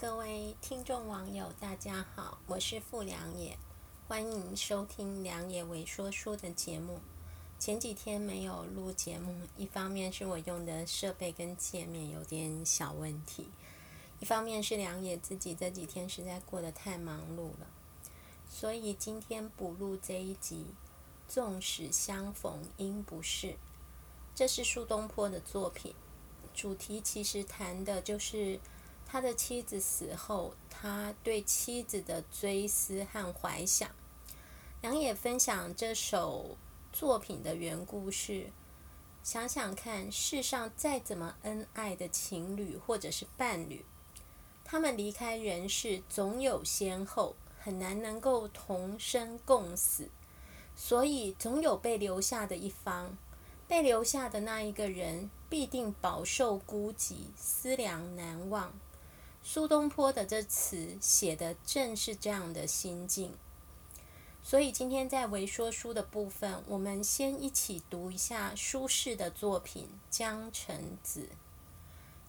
各位聽眾網友，大家好，我是傅良也，歡迎收聽《良也微說書》的節目。前幾天沒有錄節目，一方面是我用的設備跟界面有點小問題，一方面是良也自己這幾天實在過得太忙碌了，所以今天補錄這一集。縱使相逢應不識，這是蘇東坡的作品，主題其實談的就是，他的妻子死後，他對妻子的追思和懷想。良也分享這首作品的緣故是：想想看，世上再怎麼恩愛的情侶或者是伴侶，他們離開人世總有先後，很難能夠同生共死，所以總有被留下的一方。被留下的那一個人，必定飽受孤寂、思量、難忘。蘇東坡的這詞寫的正是這樣的心境，所以今天在微說書的部分，我們先一起讀一下蘇軾的作品《江城子》：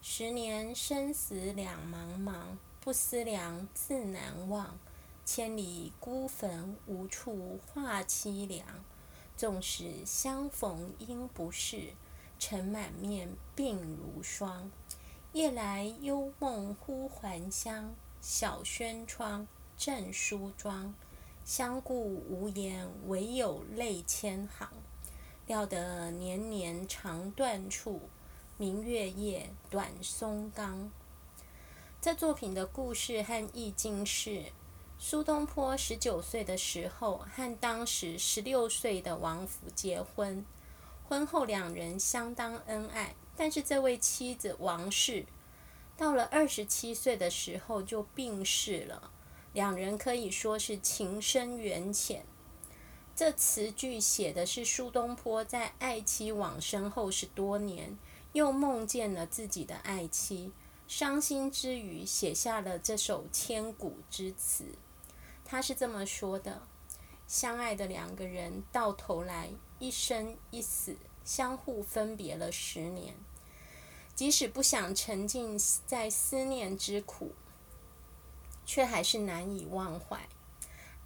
十年生死兩茫茫，不思量，自難忘。千里孤墳，無處話淒涼。縱使相逢應不識，塵滿面，鬢如霜。夜來幽夢忽還鄉，小軒窗，正梳妝。相顧無言，唯有淚千行。料得年年腸斷處，明月夜，短松岡。這作品的故事和意境是：蘇東坡十九歲的時候，和當時十六歲的王弗結婚。婚後兩人相當恩愛。但是這位妻子王氏，到了二十七歲的時候就病逝了。兩人可以說是情深緣淺。這詞句寫的是蘇東坡在愛妻往生後十多年，又夢見了自己的愛妻，傷心之餘寫下了這首千古之詞。他是這麼說的：相愛的兩個人，到頭來，一生一死，相互分別了十年，即使不想沉浸在思念之苦，卻還是難以忘懷。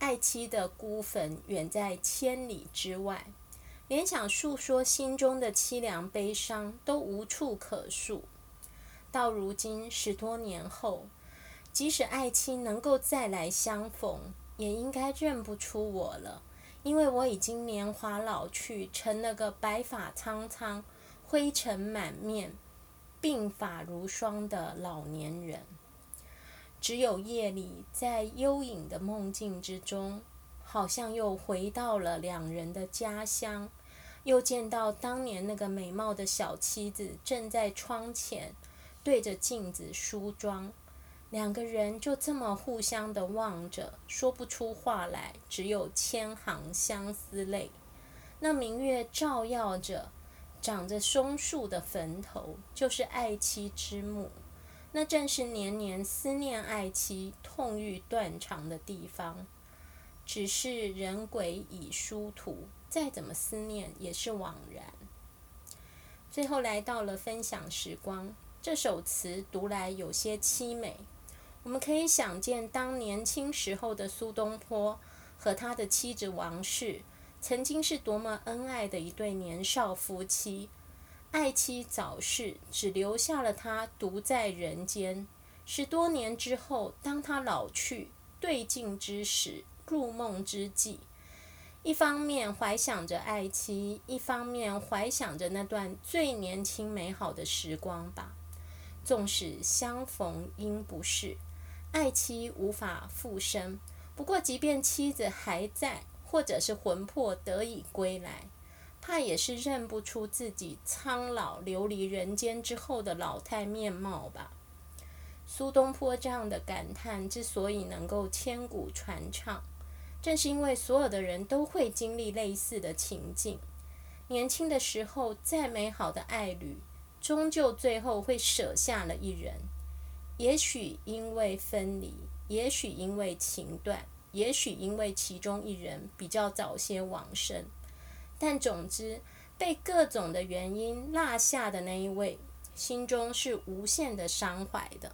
愛妻的孤墳遠在千里之外，連想訴說心中的淒涼悲傷都無處可訴。到如今十多年後，即使愛妻能夠再來相逢，也應該認不出我了。因為我已經年華老去，成了個白髮蒼蒼、灰塵滿面、鬢髮如霜的老年人。只有夜裡，在幽隱的夢境之中，好像又回到了兩人的家鄉，又見到當年那個美貌的小妻子，正在窗前對着鏡子梳妝。兩個人就這麼互相的望着，說不出話來，只有千行相思淚。那明月照耀着長着松樹的墳頭，就是愛妻之墓。那正是年年思念愛妻、痛欲斷腸的地方。只是人鬼已殊途，再怎麼思念也是枉然。最後來到了分享時光，這首詞讀來有些淒美。我們可以想見，當年輕時候的蘇東坡和他的妻子王氏，曾經是多麼恩愛的一對年少夫妻。愛妻早逝，只留下了他獨在人間。十多年之後，當他老去、對鏡之時、入夢之際，一方面懷想着愛妻，一方面懷想着那段最年輕美好的時光吧。縱使相逢應不識。愛妻無法復生，不過即便妻子還在，或者是魂魄得以歸來，怕也是認不出自己蒼老流離人間之後的老態面貌吧。蘇東坡這樣的感嘆之所以能夠千古傳唱，正是因為所有的人都會經歷類似的情景。年輕的時候，再美好的愛侶，終究最後會捨下了一人。也許因為分離，也許因為情斷，也許因為其中一人比較早些往生，但總之，被各種的原因落下的那一位，心中是無限的傷懷的。